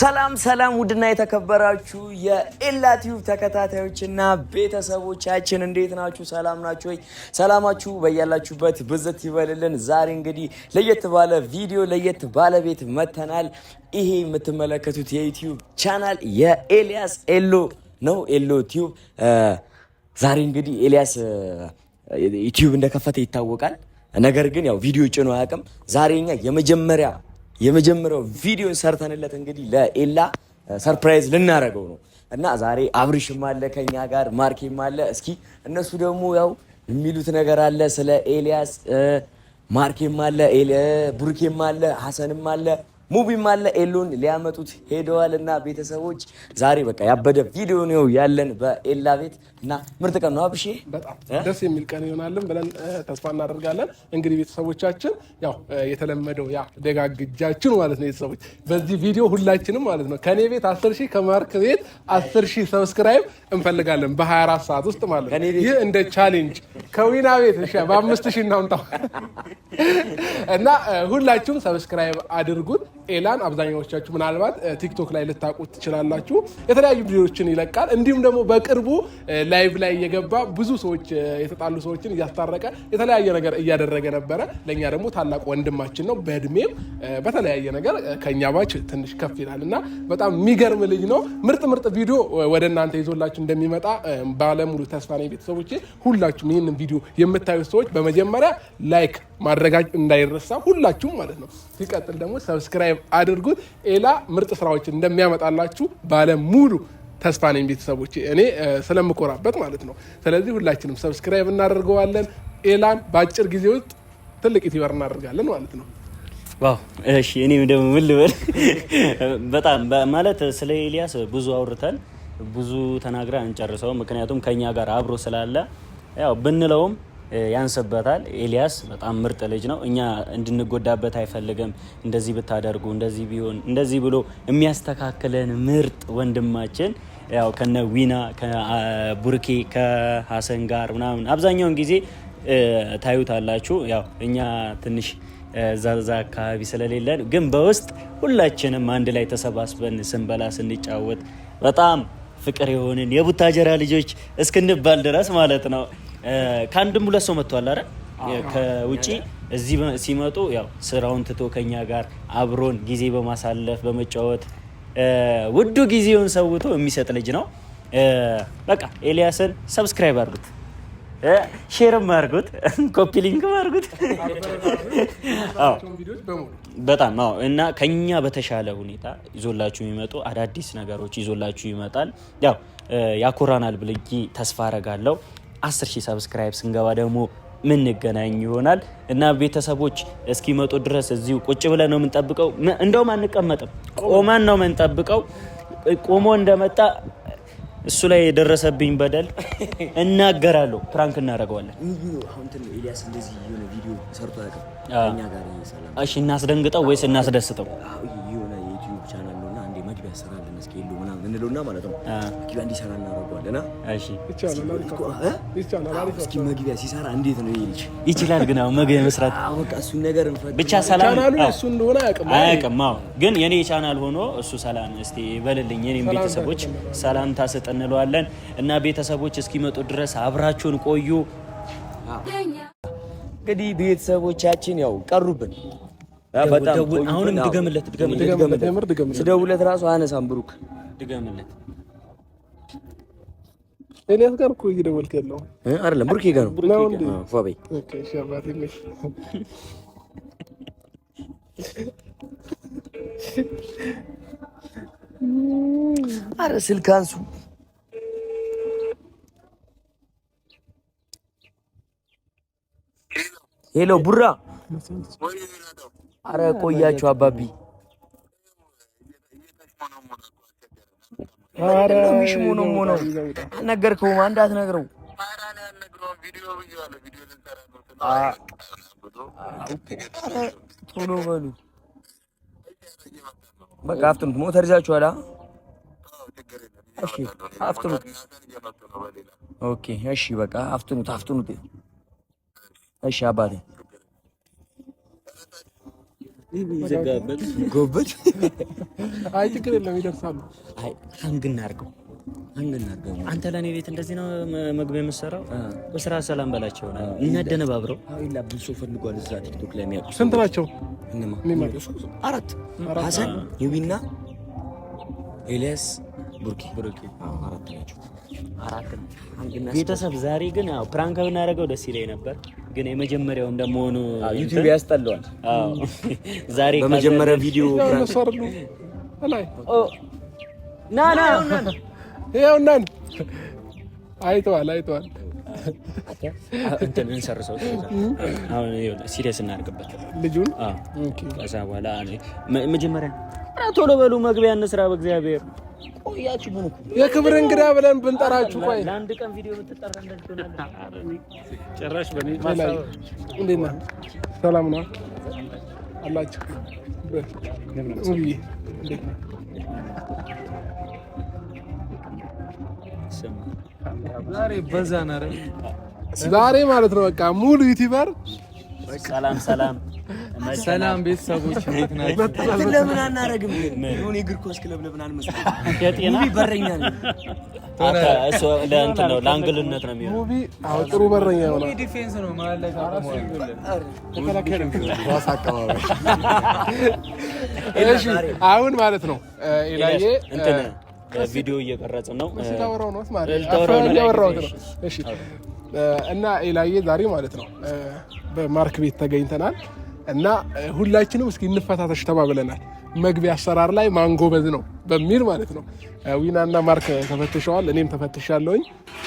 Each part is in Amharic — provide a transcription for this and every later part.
ሰላም ሰላም፣ ውድና የተከበራችሁ የኤላ ቲዩብ ተከታታዮችና ቤተሰቦቻችን እንዴት ናችሁ? ሰላም ናችሁ ወይ? ሰላማችሁ በያላችሁበት ብዝት ይበልልን። ዛሬ እንግዲህ ለየት ባለ ቪዲዮ ለየት ባለ ቤት መተናል። ይሄ የምትመለከቱት የዩቲዩብ ቻናል የኤልያስ ኤሎ ነው፣ ኤሎ ቲዩብ። ዛሬ እንግዲህ ኤልያስ ዩቲዩብ እንደከፈተ ይታወቃል። ነገር ግን ያው ቪዲዮ ጭኖ አያውቅም። ዛሬኛ የመጀመሪያ የመጀመሪያው ቪዲዮን ሰርተንለት እንግዲህ ለኤላ ሰርፕራይዝ ልናደርገው ነው እና ዛሬ አብርሽም አለ ከኛ ጋር ማርኬም አለ። እስኪ እነሱ ደግሞ ያው የሚሉት ነገር አለ ስለ ኤልያስ። ማርኬም አለ፣ ቡርኬም አለ፣ ሀሰንም አለ ሙቪም አለ ኤሎን ሊያመጡት ሄደዋል። እና ቤተሰቦች ዛሬ በቃ ያበደ ቪዲዮ ነው ያለን በኤላ ቤት እና ምርጥ ቀን ነው አብሼ፣ በጣም ደስ የሚል ቀን ይሆናልን ብለን ተስፋ እናደርጋለን። እንግዲህ ቤተሰቦቻችን ያው የተለመደው ያ ደጋግጃችን ማለት ነው ቤተሰቦች፣ በዚህ ቪዲዮ ሁላችንም ማለት ነው ከኔ ቤት አስር ሺህ ከማርክ ቤት አስር ሺህ ሰብስክራይብ እንፈልጋለን በ24 ሰዓት ውስጥ ማለት ነው። ይህ እንደ ቻሌንጅ ከዊና ቤት በአምስት ሺህ እናምጣው እና ሁላችሁም ሰብስክራይብ አድርጉት። ኤላን አብዛኛዎቻችሁ ምናልባት ቲክቶክ ላይ ልታውቁት ትችላላችሁ። የተለያዩ ቪዲዮዎችን ይለቃል። እንዲሁም ደግሞ በቅርቡ ላይቭ ላይ እየገባ ብዙ ሰዎች የተጣሉ ሰዎችን እያስታረቀ የተለያየ ነገር እያደረገ ነበረ። ለእኛ ደግሞ ታላቅ ወንድማችን ነው። በእድሜም በተለያየ ነገር ከእኛ ባች ትንሽ ከፍ ይላል እና በጣም የሚገርም ልጅ ነው። ምርጥ ምርጥ ቪዲዮ ወደ እናንተ ይዞላችሁ እንደሚመጣ ባለሙሉ ተስፋ ነኝ። ቤተሰቦቼ ሁላችሁም ይህንን ቪዲዮ የምታዩት ሰዎች በመጀመሪያ ላይክ ማድረጋችሁ እንዳይረሳ ሁላችሁም ማለት ነው። ሲቀጥል ደግሞ ሰብስክራይብ ሰብስክራይብ አድርጉት። ኤላ ምርጥ ስራዎች እንደሚያመጣላችሁ ባለሙሉ ተስፋ ነኝ ቤተሰቦች፣ እኔ ስለምኮራበት ማለት ነው። ስለዚህ ሁላችንም ሰብስክራይብ እናደርገዋለን። ኤላን በአጭር ጊዜ ውስጥ ትልቅ ዩቲዩበር እናደርጋለን ማለት ነው። ዋው እሺ፣ እኔም ደግሞ ምን ልበል፣ በጣም ማለት ስለ ኤልያስ ብዙ አውርተን ብዙ ተናግረን አንጨርሰው፣ ምክንያቱም ከኛ ጋር አብሮ ስላለ ያው ብንለውም ያንስበታል። ኤልያስ በጣም ምርጥ ልጅ ነው። እኛ እንድንጎዳበት አይፈልግም። እንደዚህ ብታደርጉ፣ እንደዚህ ቢሆን፣ እንደዚህ ብሎ የሚያስተካክለን ምርጥ ወንድማችን ያው ከነ ዊና ከቡርኬ ከሀሰን ጋር ምናምን አብዛኛውን ጊዜ ታዩታላችሁ። ያው እኛ ትንሽ ዛዛ አካባቢ ስለሌለን ግን በውስጥ ሁላችንም አንድ ላይ ተሰባስበን ስንበላ ስንጫወት በጣም ፍቅር የሆንን የቡታጀራ ልጆች እስክንባል ድረስ ማለት ነው። ከአንድም ሁለት ሰው መጥቷል አረ ከውጪ እዚህ ሲመጡ ያው ስራውን ትቶ ከኛ ጋር አብሮን ጊዜ በማሳለፍ በመጫወት ውዱ ጊዜውን ሰውቶ የሚሰጥ ልጅ ነው። በቃ ኤልያስን ሰብስክራይብ አድርጉት፣ ሼርም አድርጉት፣ ኮፒ ሊንክም አድርጉት። በጣም አዎ። እና ከኛ በተሻለ ሁኔታ ይዞላችሁ የሚመጡ አዳዲስ ነገሮች ይዞላችሁ ይመጣል። ያው ያኮራናል ብልጊ ተስፋ አረጋለሁ። አስር ሺህ ሰብስክራይብ ስንገባ ደግሞ ምንገናኝ ይሆናል እና ቤተሰቦች እስኪመጡ ድረስ እዚሁ ቁጭ ብለን ነው የምንጠብቀው። እንደውም አንቀመጥም፣ ቆመን ነው የምንጠብቀው። ቆሞ እንደመጣ እሱ ላይ የደረሰብኝ በደል እናገራለሁ። ፕራንክ እናደርገዋለን። እሺ፣ እናስደንግጠው ወይስ እናስደስተው? አግቢያ ስራ እንደነስኬሉ ምናምን እንለውና ማለት ነው አግቢያ እንዲሰራ እናደርገዋለና። እስኪ መግቢያ ሲሰራ እንዴት ነው ይልች ይችላል። ግን አሁን መግቢያ መስራት በቃ እሱን ነገር ብቻ ሰላም ቻናሉ እሱ እንደሆነ አያውቅም አዎ፣ ግን የኔ ቻናል ሆኖ እሱ ሰላም እስቲ በልልኝ የኔም ቤተሰቦች ሰላምታ ስጥ እንለዋለን። እና ቤተሰቦች እስኪመጡ ድረስ አብራችሁን ቆዩ። እንግዲህ ቤተሰቦቻችን ያው ቀሩብን አሁንም ድገምለት፣ ድገምለት። ራሱ አያነሳም ብሩክ ድገምለት። ኤልያስ ጋር እኮ እየደወልክ ያለው አይደለም፣ ጋር ነው። ስልክ አንሱ። ሄሎ ቡራ አረ ቆያችሁ አባቢ ሚሽሙ ነው ሆነው ነገርከውም አንድ አትነግረው ቶሎ በሉ በቃ አፍጥኑት ሞተር ይዛችኋል አፍጥኑት ኦኬ እሺ በቃ አፍጥኑት አፍጥኑት እሺ አባቴ ጎበዝ። አይ ችግር የለም ይደርሳሉ። አይ ሀንግ እናድርገው፣ ሀንግ እናድርገው። አንተ ለእኔ ቤት እንደዚህ ነው መግቢያ የምትሰራው? በስራ ሰላም በላቸው እናደነባብረው። ላ ብሶ ፈልጓል። እዛ ቲክቶክ ላይ የሚያውቁ ስንት ናቸው? አራት ሀሰን፣ ዩቢና፣ ኤልያስ፣ ቡርኬ አራት ናቸው። ቤተሰብ ዛሬ ግን ያው ፕራንክ ብናደርገው ደስ ይለኝ ነበር። ግን የመጀመሪያው እንደመሆኑ ዩቲዩብ ያስጠላዋል። ዛሬ በመጀመሪያ ቪዲዮ ና አይተዋል አይተዋል። እንትን እንሰርሰው አሁን ሲሪየስ እናድርግበት ልጁን። ከዛ በኋላ መጀመሪያ ቶሎ በሉ መግቢያ እንስራ በእግዚአብሔር ቆያችሁ ምን እኮ የክብር እንግዳ ብለን ብንጠራችሁ፣ ቆይ ለአንድ ቀን ቪዲዮ ጭራሽ። በኔ እንዴት ነህ? ሰላም ነው አላችሁ? ዛሬ በዛ ዛሬ ማለት ነው በቃ ሙሉ ዩቲበር ሰላም ሰላም ሰላም ቤተሰቦች እንዴት ናችሁ? ለምን አናረግም? የሆነ የእግር ኳስ ክለብ ለምን አንመስልም? በረኛ ነው ነው ለአንግልነት ነው የሚሆነው። ሙቪ ጥሩ በረኛ ነው። ዲፌንስ ነው ማለት እሺ አሁን ማለት ነው ኢላዬ ቪዲዮ እየቀረጽ ነው። ታወራው ነው ነው። እሺ እና ኢላዬ ዛሬ ማለት ነው በማርክ ቤት ተገኝተናል። እና ሁላችንም እስኪ እንፈታተሽ ተባብለናል። መግቢያ አሰራር ላይ ማንጎበዝ ነው በሚል ማለት ነው። ዊናና ማርክ ተፈትሸዋል፣ እኔም ተፈትሻለሁኝ።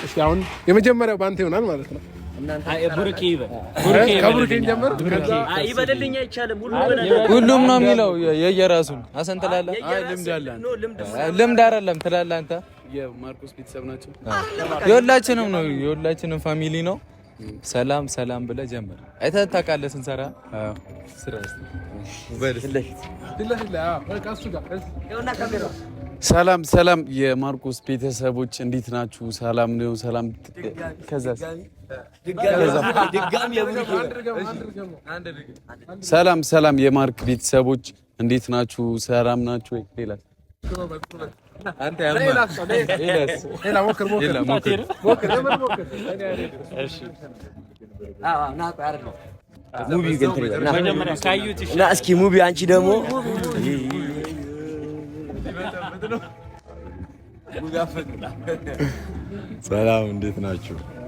እስኪ አሁን የመጀመሪያው በአንተ ይሆናል ማለት ነው። ሁሉም ነው የሚለው የየራሱን አሰንትላለ ልምድ አይደለም ትላለህ አንተ። ቤተሰብ ናቸው። የሁላችንም ነው የሁላችንም ፋሚሊ ነው ሰላም ሰላም ብለ ጀምር። አይተህ ታውቃለህ ስንሰራ ሰላም ሰላም የማርቆስ ቤተሰቦች እንዴት ናችሁ? ሰላም ነው። ሰላም ሰላም ሰላም የማርክ ቤተሰቦች እንዴት ናችሁ? ሰላም ናችሁ? እና እስኪ ሙቢ አንቺ ደግሞ ሰላም፣ እንዴት ናችሁ?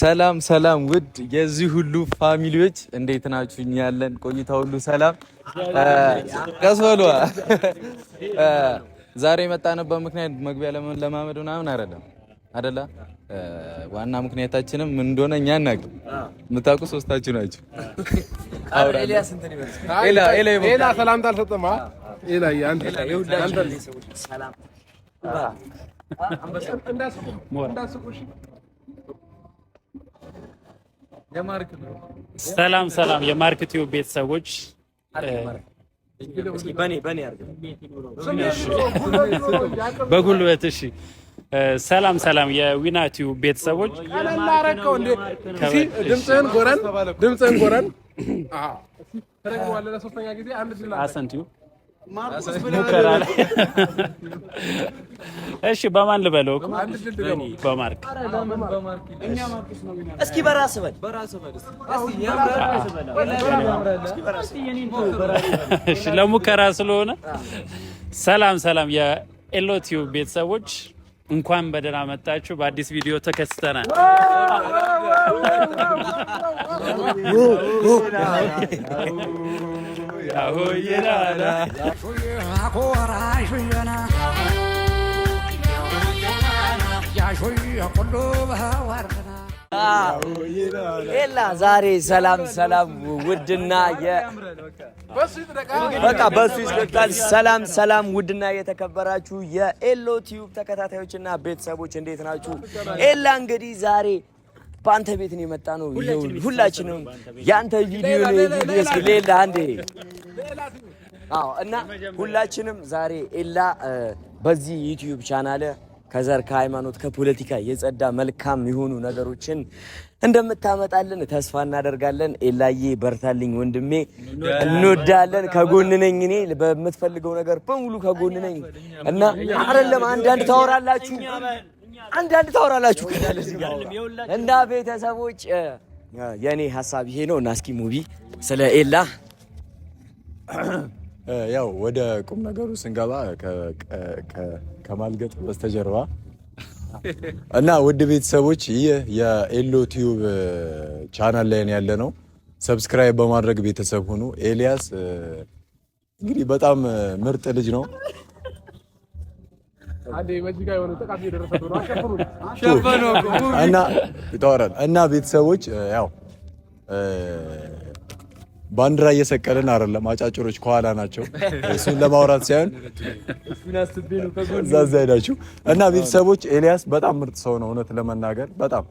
ሰላም ሰላም፣ ውድ የዚህ ሁሉ ፋሚሊዎች እንዴት ናችሁ? ያለን ቆይታ ሁሉ ሰላም ቀስበሏ። ዛሬ የመጣንበት ምክንያት መግቢያ ለማመድ ምናምን አይደለም አደላ። ዋና ምክንያታችንም ምን እንደሆነ እኛ እናቅም። የምታውቁ ሶስታችሁ ናችሁ። ሰላምታ ሰላም ሰላም፣ የማርክቲው ቤተሰቦች በጉልበት እሺ። ሰላም ሰላም፣ የዊናቲው ቤተሰቦች ድምፅህን ጎረን ድምፅህን ጎረን ሙከራ ላይ እሺ በማን ልበለው? በማርክ እስኪ በራስ በል። እሺ ለሙከራ ስለሆነ ሰላም ሰላም፣ የኤሎቲዩ ቤተሰቦች እንኳን በደህና መጣችሁ። በአዲስ ቪዲዮ ተከስተናል። ሌላ ዛሬ ሰላም ሰላም፣ ውድና በቃ በሱ ይስለቃል። ሰላም ሰላም፣ ውድና የተከበራችሁ የኤሎ ቲዩብ ተከታታዮችና ቤተሰቦች እንዴት ናችሁ? ኤላ እንግዲህ ዛሬ በአንተ ቤት ነው የመጣ ነው። ሁላችንም የአንተ ቪዲዮ ሌላ አንዴ እና ሁላችንም ዛሬ ኤላ በዚህ ዩቲዩብ ቻናል ከዘር ከሃይማኖት ከፖለቲካ የጸዳ መልካም የሆኑ ነገሮችን እንደምታመጣልን ተስፋ እናደርጋለን። ኤላዬ በርታልኝ ወንድሜ፣ እንወዳለን። ከጎንነኝ እኔ በምትፈልገው ነገር በሙሉ ከጎንነኝ እና አይደለም አንዳንድ ታወራላችሁ አንዳንድ ታወራላችሁ እና ቤተሰቦች የእኔ ሀሳብ ይሄ ነው እና እስኪ ሙቢ ስለ ኤላ ያው ወደ ቁም ነገሩ ስንገባ ከማልገጥ በስተጀርባ እና ውድ ቤተሰቦች ይህ የኤሎ ቲዩብ ቻናል ላይ ያለ ነው። ሰብስክራይብ በማድረግ ቤተሰብ ሁኑ። ኤልያስ እንግዲህ በጣም ምርጥ ልጅ ነው። እና ቤተሰቦች ያው ባንዲራ እየሰቀልን አይደለም፣ አጫጭሮች ከኋላ ናቸው። እሱን ለማውራት ሳይሆን እዛ ናቸው። እና ቤተሰቦች፣ ኤልያስ በጣም ምርጥ ሰው ነው። እውነት ለመናገር በጣም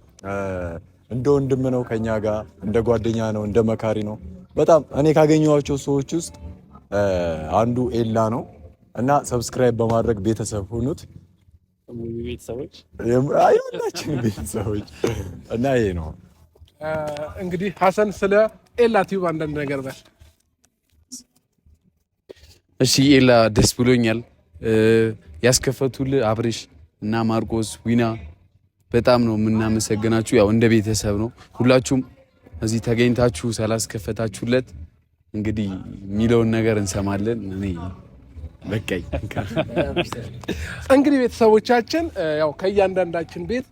እንደ ወንድም ነው ከኛ ጋር፣ እንደ ጓደኛ ነው፣ እንደ መካሪ ነው። በጣም እኔ ካገኘኋቸው ሰዎች ውስጥ አንዱ ኤላ ነው እና ሰብስክራይብ በማድረግ ቤተሰብ ሁኑት። ቤተሰቦች ሁላችን ቤተሰቦች እና ይሄ ነው እንግዲህ ሀሰን ስለ ቲዩብ አንዳንድ ነገር በል። እሺ ኤላ፣ ደስ ብሎኛል። ያስከፈቱል አብርሽ እና ማርቆስ ዊና በጣም ነው የምናመሰግናችሁ። ያው እንደ ቤተሰብ ነው ሁላችሁም እዚህ ተገኝታችሁ ሳላስከፈታችሁለት እንግዲህ የሚለውን ነገር እንሰማለን። እኔ በቀኝ እንግዲህ ቤተሰቦቻችን ያው ከእያንዳንዳችን ቤት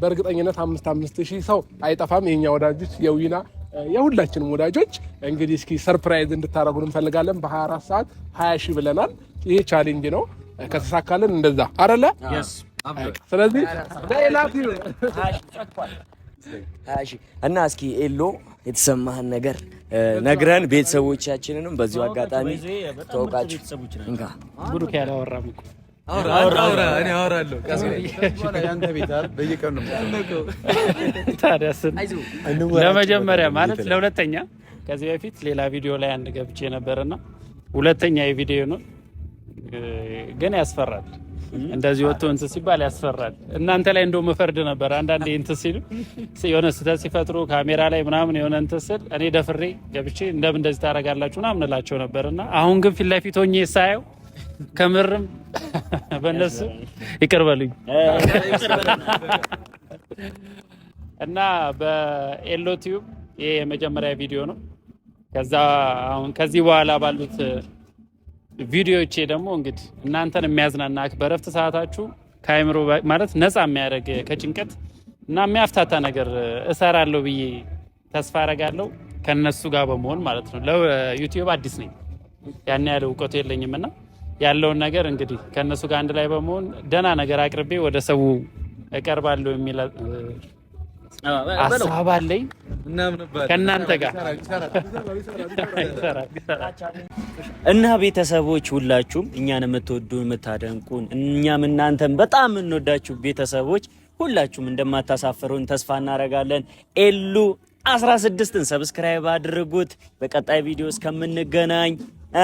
በእርግጠኝነት አምስት አምስት ሺህ ሰው አይጠፋም። የኛ ወዳጆች የዊና የሁላችንም ወዳጆች እንግዲህ እስኪ ሰርፕራይዝ እንድታደረጉን እንፈልጋለን። በ24 ሰዓት 20 ሺህ ብለናል። ይሄ ቻሌንጅ ነው። ከተሳካልን እንደዛ አረለ። ስለዚህ እና እስኪ ኤሎ የተሰማህን ነገር ነግረን ቤተሰቦቻችንንም በዚሁ አጋጣሚ ተወቃችሁ ብሩክ ያላወራም ለመጀመሪያ ማለት ለሁለተኛ ከዚህ በፊት ሌላ ቪዲዮ ላይ አንድ ገብቼ ነበርና ሁለተኛ የቪዲዮ ነው፣ ግን ያስፈራል። እንደዚህ ወጥቶ እንትን ሲባል ያስፈራል። እናንተ ላይ እንደውም መፈርድ ነበር። አንዳንዴ እንትን ሲሉ የሆነ ስህተት ሲፈጥሩ ካሜራ ላይ ምናምን የሆነ እንትን ስል እኔ ደፍሬ ገብቼ እንደምን እንደዚህ ታደርጋላችሁ ምናምን እላቸው ነበርና አሁን ግን ፊት ለፊት ሆኜ ሳየው ከምርም በእነሱ ይቅርበሉኝ እና በኤሎቲዩብ ይሄ የመጀመሪያ ቪዲዮ ነው። ከዛ አሁን ከዚህ በኋላ ባሉት ቪዲዮዎቼ ደግሞ እንግዲህ እናንተን የሚያዝናና በረፍት ሰዓታችሁ ከአይምሮ ማለት ነፃ የሚያደርግ ከጭንቀት እና የሚያፍታታ ነገር እሰራለሁ ብዬ ተስፋ አረጋለሁ ከነሱ ጋር በመሆን ማለት ነው። ለዩቲዩብ አዲስ ነኝ፣ ያን ያለ እውቀቱ የለኝም እና ያለውን ነገር እንግዲህ ከእነሱ ጋር አንድ ላይ በመሆን ደህና ነገር አቅርቤ ወደ ሰው እቀርባለሁ የሚል አሳብ አለኝ ከእናንተ ጋር እና ቤተሰቦች ሁላችሁም እኛን የምትወዱ የምታደንቁን፣ እኛም እናንተን በጣም የምንወዳችሁ ቤተሰቦች ሁላችሁም እንደማታሳፍሩን ተስፋ እናደርጋለን። ኤሉ 16ን ሰብስክራይብ አድርጉት። በቀጣይ ቪዲዮ እስከምንገናኝ हा